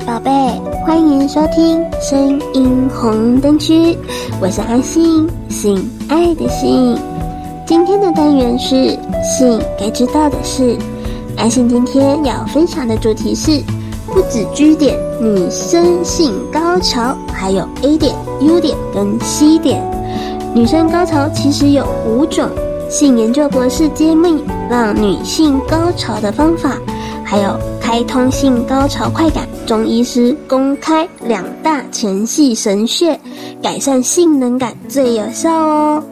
寶貝，歡迎收聽《聲音紅燈區》，我是安心，心愛的心。今天的單元是《性該知道的事》，安心今天要分享的主題是：不止 G 點，女生性高潮還有 A 點、U 點跟 C 點。女生高潮其實有五種，性研究博士揭秘讓女性高潮的方法，還有開通性高潮快感。中醫師公開兩大前戲神穴，改善性冷感最有效哦。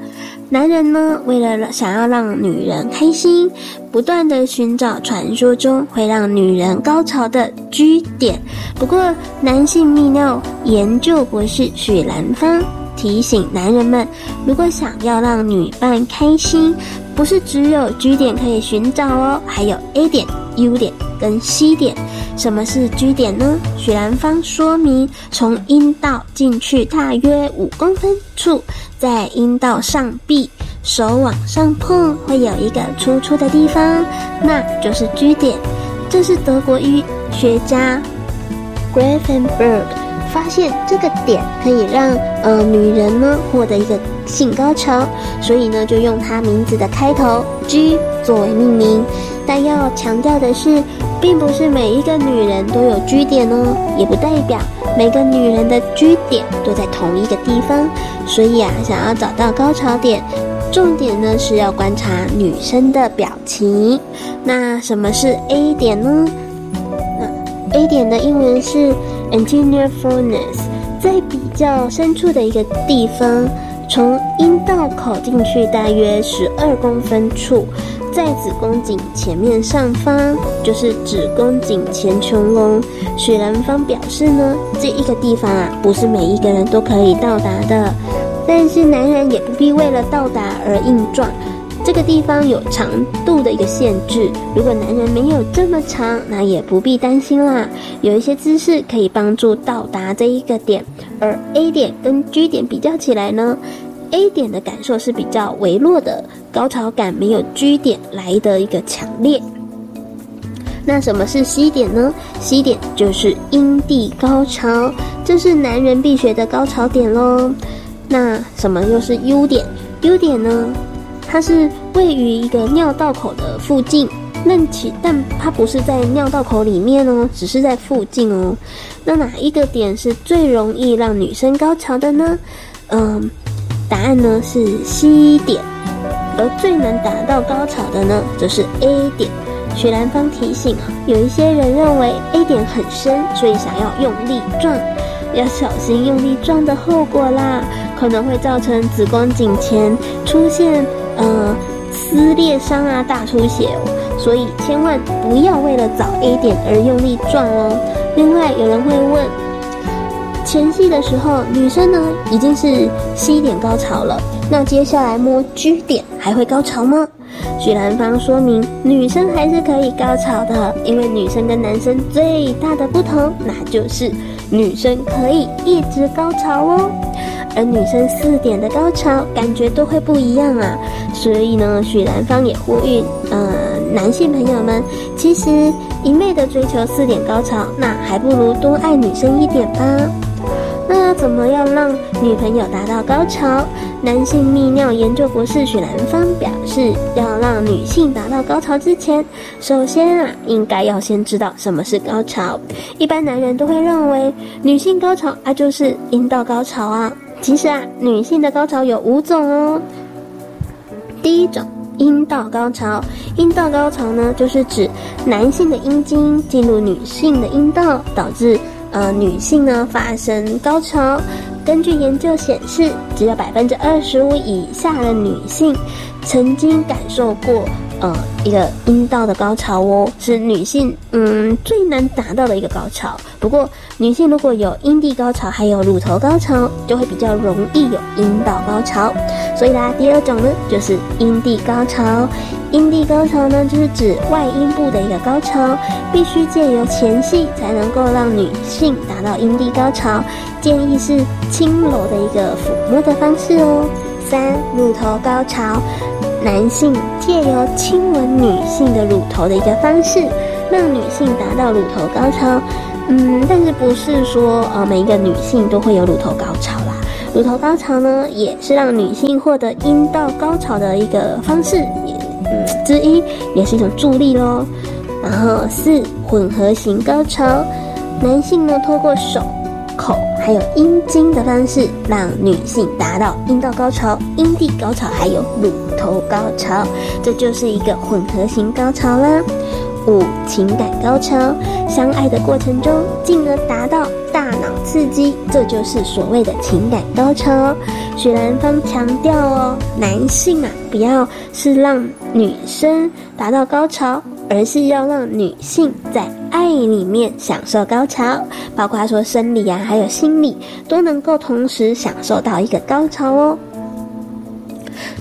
男人呢，為了想要讓女人開心，不斷地尋找傳說中會讓女人高潮的 G 點。不過，男性泌尿研究博士許藍方提醒男人們，如果想要讓女伴開心。不是只有 G 點可以尋找哦，還有 A 點、U 點跟 C 點。什麼是 G 點呢？許蘭芳說明：從陰道進去大約五公分處，在陰道上壁，手往上碰會有一個突出的地方，那就是 G 點。這是德國醫學家 Gräfenberg。發現這個點可以讓呃女人呢獲得一個性高潮，所以呢就用它名字的開頭 G 作為命名。但要強調的是，並不是每一個女人都有 G 點哦，也不代表每個女人的 G 點都在同一個地方。所以啊，想要找到高潮點，重點呢是要觀察女生的表情。那什麼是 A 點呢？那、呃、A 點的英文是。Engineerfulness 在比較深處的一個地方，從陰道口進去大約十二公分處，在子宮頸前面上方，就是子宮頸前穹窿。許藍方表示呢，這一個地方啊，不是每一個人都可以到達的，但是男人也不必為了到達而硬撞。這個地方有長度的一個限制，如果男人沒有這麼長，那也不必擔心啦。有一些姿勢可以幫助到達這一個點，而 A 點跟 G 點比較起來呢，A 點的感受是比較微弱的，高潮感沒有 G 點來得一個強烈。那什麼是 C 點呢？C 點就是陰蒂高潮，這是男人必學的高潮點嘍。那什麼又是 U 點？U 點呢？它是位於一個尿道口的附近，但其但它不是在尿道口裡面哦，只是在附近哦。那哪一個點是最容易讓女生高潮的呢？嗯，答案呢是 C 點，而最能達到高潮的呢則、就是 A 點。許藍方提醒，有一些人認為 A 點很深，所以想要用力撞，要小心用力撞的後果啦，可能會造成子宮頸前出現。呃，撕裂傷啊，大出血哦，所以千萬不要為了找 A 點而用力撞哦。另外，有人會問，前戲的時候女生呢已經是 C 點高潮了，那接下來摸 G 點還會高潮嗎？許藍芳說明，女生還是可以高潮的，因為女生跟男生最大的不同，那就是女生可以一直高潮哦。而女生四點的高潮感覺都會不一樣啊，所以呢，許蘭芳也呼籲，呃，男性朋友們，其實一昧的追求四點高潮，那還不如多愛女生一點吧。那要怎麼樣讓女朋友達到高潮？男性泌尿研究博士許蘭芳表示，要讓女性達到高潮之前，首先啊，應該要先知道什麼是高潮。一般男人都會認為，女性高潮啊就是陰道高潮啊。其實啊，女性的高潮有五種哦。第一種，陰道高潮。陰道高潮呢，就是指男性的陰莖進入女性的陰道，導致呃女性呢發生高潮。根據研究顯示，只有百分之二十五以下的女性曾經感受過。呃、嗯，一個陰道的高潮哦，是女性嗯最難達到的一個高潮。不過，女性如果有陰蒂高潮，還有乳頭高潮，就會比較容易有陰道高潮。所以啦，第二種呢就是陰蒂高潮。陰蒂高潮呢就是指外陰部的一個高潮，必須借由前戲才能夠讓女性達到陰蒂高潮。建議是輕柔的一個撫摸的方式哦。三、乳頭高潮。男性借由親吻女性的乳頭的一個方式，讓女性達到乳頭高潮。嗯，但是不是說呃每一個女性都會有乳頭高潮啦？乳頭高潮呢，也是讓女性獲得陰道高潮的一個方式，嗯之一，也是一種助力咯。然後四、混合型高潮，男性呢通過手口。還有陰莖的方式讓女性達到陰道高潮、陰蒂高潮，還有乳頭高潮，這就是一個混合型高潮啦。五情感高潮，相愛的過程中，進而達到大腦刺激，這就是所謂的情感高潮。許藍方強調哦，男性啊，不要是讓女生達到高潮。而是要讓女性在愛裡面享受高潮，包括說生理啊，還有心理，都能夠同時享受到一個高潮哦。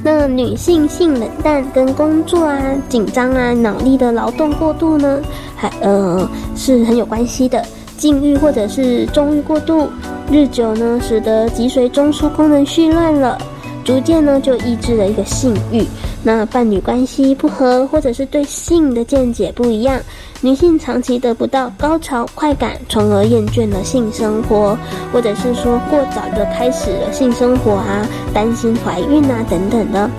那女性性冷淡跟工作啊、緊張啊、腦力的勞動過度呢，還呃是很有關係的。禁欲或者是縱欲過度，日久呢，使得脊髓中樞功能紊亂了，逐漸呢就抑制了一個性欲。那伴侶關係不和，或者是對性的見解不一樣，女性長期得不到高潮快感，從而厭倦了性生活，或者是說過早就開始了性生活啊，擔心懷孕啊等等的。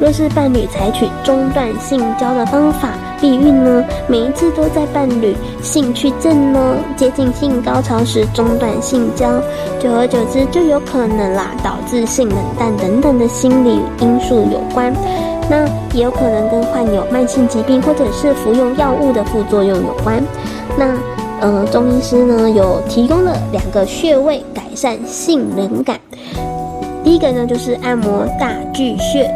若是伴侶採取中斷性交的方法避孕呢，每一次都在伴侶性趣正呢接近性高潮時中斷性交，久而久之就有可能啦，導致性冷淡等等的心理因素有關。那也有可能跟患有慢性疾病或者是服用藥物的副作用有關。那，呃，中醫師呢有提供了兩個穴位改善性冷感。第一個呢就是按摩大巨穴，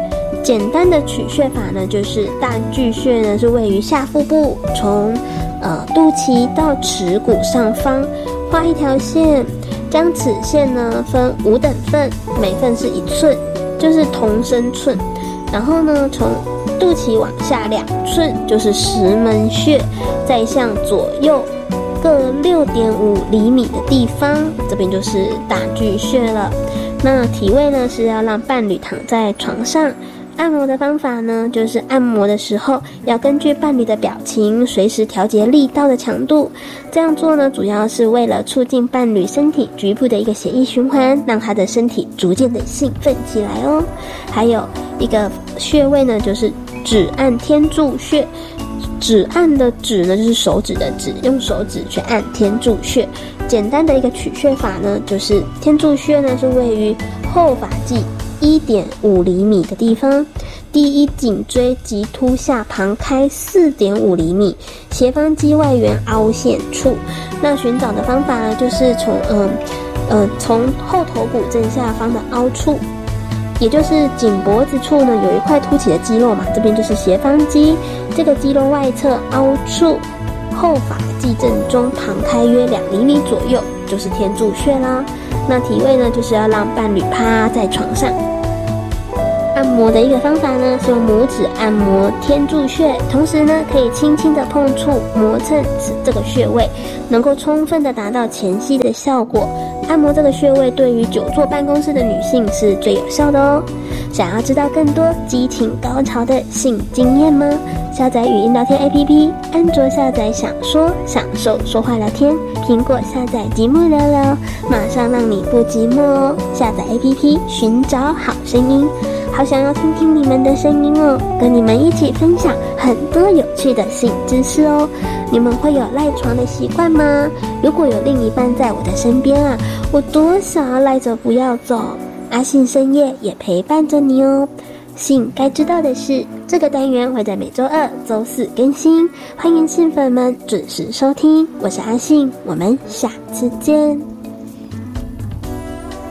簡單的取穴法呢就是大巨穴呢是位於下腹部，從呃肚臍到恥骨上方畫一條線，將此線呢分五等份，每份是一寸，就是同身寸。然後呢，從肚臍往下兩寸就是石門穴，再向左右各六點五釐米的地方，這邊就是大巨穴了。那體位呢，是要讓伴侶躺在床上。按摩的方法呢，就是按摩的時候要根據伴侶的表情，隨時調節力道的強度。這樣做呢，主要是為了促進伴侶身體局部的一個血液循環，讓他的身體逐漸的興奮起來哦。還有一個穴位呢，就是指按天柱穴。指按的指呢，就是手指的指，用手指去按天柱穴。簡單的一個取穴法呢，就是天柱穴呢是位於後髮際。一點五釐米的地方，第一頸椎棘突下旁開四點五釐米，斜方肌外緣凹陷處。那尋找的方法呢，就是從嗯呃從、呃、後頭骨正下方的凹處，也就是頸脖子處呢，有一塊凸起的肌肉嘛，這邊就是斜方肌，這個肌肉外側凹處，後髮際正中旁開約兩釐米左右，就是天柱穴啦。那體位呢，就是要讓伴侶趴在床上。按摩的一個方法呢，是用拇指按摩天柱穴，同時呢，可以輕輕的碰觸、磨蹭，使這個穴位，能夠充分的達到前戲的效果。按摩這個穴位對於久坐辦公室的女性是最有效的哦。想要知道更多激情高潮的性經驗嗎？下載語音聊天 APP，安卓下載享說享受說話聊天，蘋果下載寂寞聊聊，馬上讓你不寂寞哦。下載 APP 尋找好聲音。好想要聽聽你們的聲音哦，跟你們一起分享很多有趣的性知識哦。你們會有賴床的習慣嗎？如果有另一半在我的身邊啊，我多想要賴着不要走。阿信深夜也陪伴着你哦。性該知道的事，這個單元會在每周二、周四更新，歡迎性粉們準時收聽。我是阿信，我們下次見。